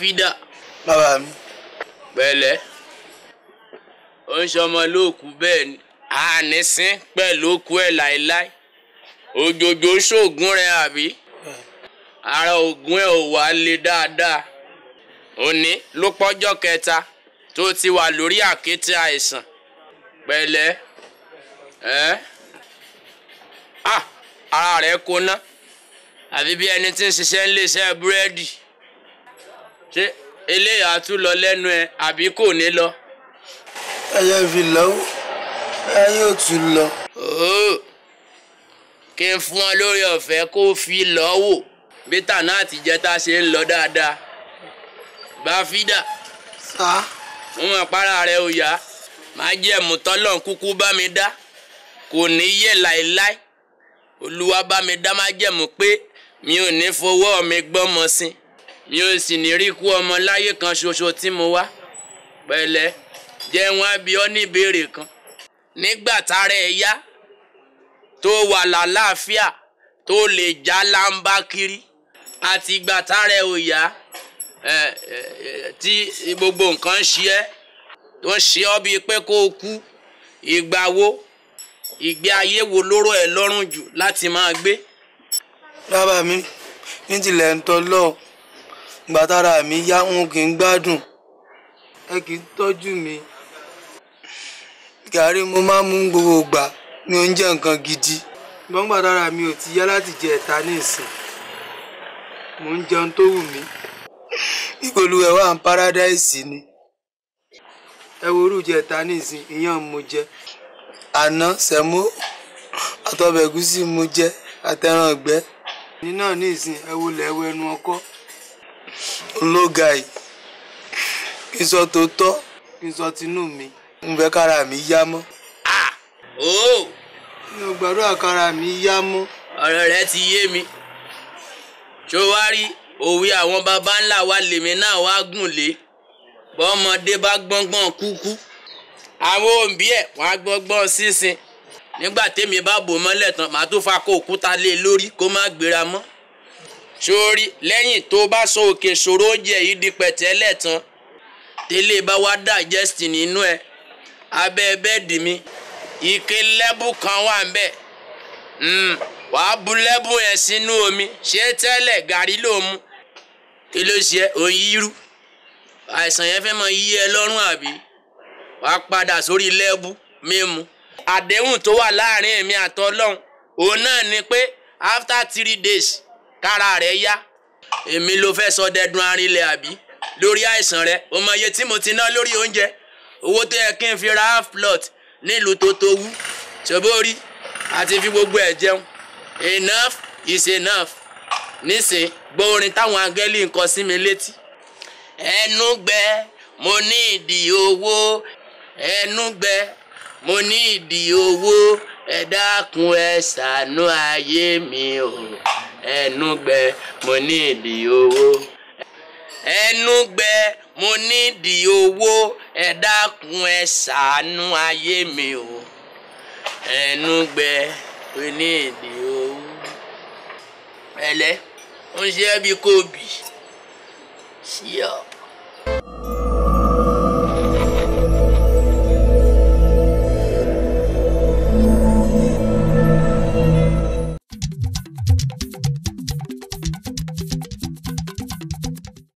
Fida, bàbá mi. pẹ̀lẹ́ ó ń sọmọ lóòkú bẹ́ẹ̀ ni ànísín pẹ̀lú òkú ẹ̀ láéláé òjòjò ṣoògùn rẹ̀ àbí ara ògùn ẹ̀ ò wá le dáadáa òní ló pọ́jọ́ kẹta tó ti wà lórí àkéte àìsàn pẹ̀lẹ́ ẹ́ ah ara rẹ̀ kóná àbí bí ẹni tí ń ṣiṣẹ́ ń lè ṣe búrẹ́dì ṣé eléyàá tún lọ lẹ́nu ẹ àbí kò ní lọ. ẹyẹ fi lọ́wọ́ ẹ yóò tún lọ. kí n fún ọ lórí ọ̀fẹ́ kó fi lọ́ wò bí tànà àtijẹ́ta ṣe ń lọ dáadáa bá fídà. sá. wọ́n mọ̀ para rẹ̀ ò yá máa jẹ́ mùtọ́lọ̀ kúkú bá mi dá kò ní yẹ láéláé olúwa bá mi dá máa jẹ̀mú pé mi ò ní fọwọ́ mi gbọ́mọ sí i mi ò sì ní rí kú ọmọ láyé kan ṣoṣo tí mo wá pẹ̀lẹ́ jẹ́ wọn á bi ọ́ ní ìbéèrè kan nígbà tára ẹ̀ yá tó wà lálàáfíà tó lè já lámbá kiri àti ìgbà tára ẹ̀ ò yá tí gbogbo nǹkan ń ṣe ẹ́ tó ń ṣe ọ́ bíi pé kó o kú ìgbà wo ìgbé ayé wo lóró ẹ̀ lọ́rùn jù láti máa gbé. bàbá mi ní tilẹ̀ ń tọ́ lọ́ọ̀ gbàtàrà mi yá wọn kì í gbádùn ẹ kì í tọ́jú mi gàrí mo máa ń mú gbogbo gbà ní oúnjẹ nǹkan gidi ṣùgbọ́n gbàtàrà mi ò ti yá láti jẹ ẹ̀ta ní ìsìn mò ń jẹun tó wù mí ìpolúwẹ̀ wà ń párádáìsì ni ẹ wo orú jẹ ẹ̀ta ní ìsìn ìyàn mo jẹ àná sẹ̀mó àtọbẹ̀gúsí mo jẹ àtẹran ọ̀gbẹ́. náà ní ìsìn ẹ wo lẹ́wọ́ ẹnu ọkọ́ ológa yìí kí n sọ tó tọ́ kí n sọ tinú mi n fẹ́ kára mi yá mọ́. mi ò gbàdúrà kára mi yá mọ́. ọ̀rọ̀ rẹ ti yé mi ṣó wá rí òwe àwọn baba ńlá wa lèmi náà wá gùn lé bọ́mọdé bá gbọ́ngbọ́n kúkú àwọn òǹbí ẹ̀ wọ́n gbọ́ngbọ́n sísìn nígbà tèmi bá bò mọ́lẹ̀ tán màá tún fa kó òkúta lé e lórí kó má gbéra mọ́ sórí lẹ́yìn tó bá sọ òkè ṣòro oúnjẹ yìí di pẹ̀tẹ́lẹ̀ tán tẹ́lẹ̀ bá wá digest nínú ẹ̀ abẹ́ bẹ́ẹ̀dì mi ike lẹ́bù kan wà ń bẹ̀ hmm, wàá bu lẹ́bù yẹn sínú omi ṣé tẹ́lẹ̀ gàrí ló mu kí ló ṣe òun yírú àìsàn yẹn fẹ́ máa yí ẹ lọ́rùn àbí wàá padà sórí lẹ́bù mímu àdéhùn tó wà láàrin èmi àtọ́lọ́hún òun náà ni pé after three days kára rẹ̀ yá èmi ló fẹ́ sọ dẹdun arinlẹ̀ àbí lórí àìsàn rẹ o mọ iye tí mo ti ná lórí oúnjẹ owó tó yẹ kí n fi ra half plot nílùú tó towú ṣòbórí àti fi gbogbo ẹ̀ jẹun enough is enough nísìn gbọ́ orin táwọn angẹ́lì ń kọ sí mi létí. ẹnu gbẹ mo ní ìdí owó ẹnu gbẹ mo ní ìdí owó ẹ dákun ẹ ṣàánú ayé mi o ẹnu gbẹ mo ní ìdí owó ẹnu gbẹ mo ní ìdí owó ẹ dákun ẹ ṣàánú ayé mi o ẹnu gbẹ mo ní ìdí owó ẹlẹ ó ń ṣe é bí kò bì sí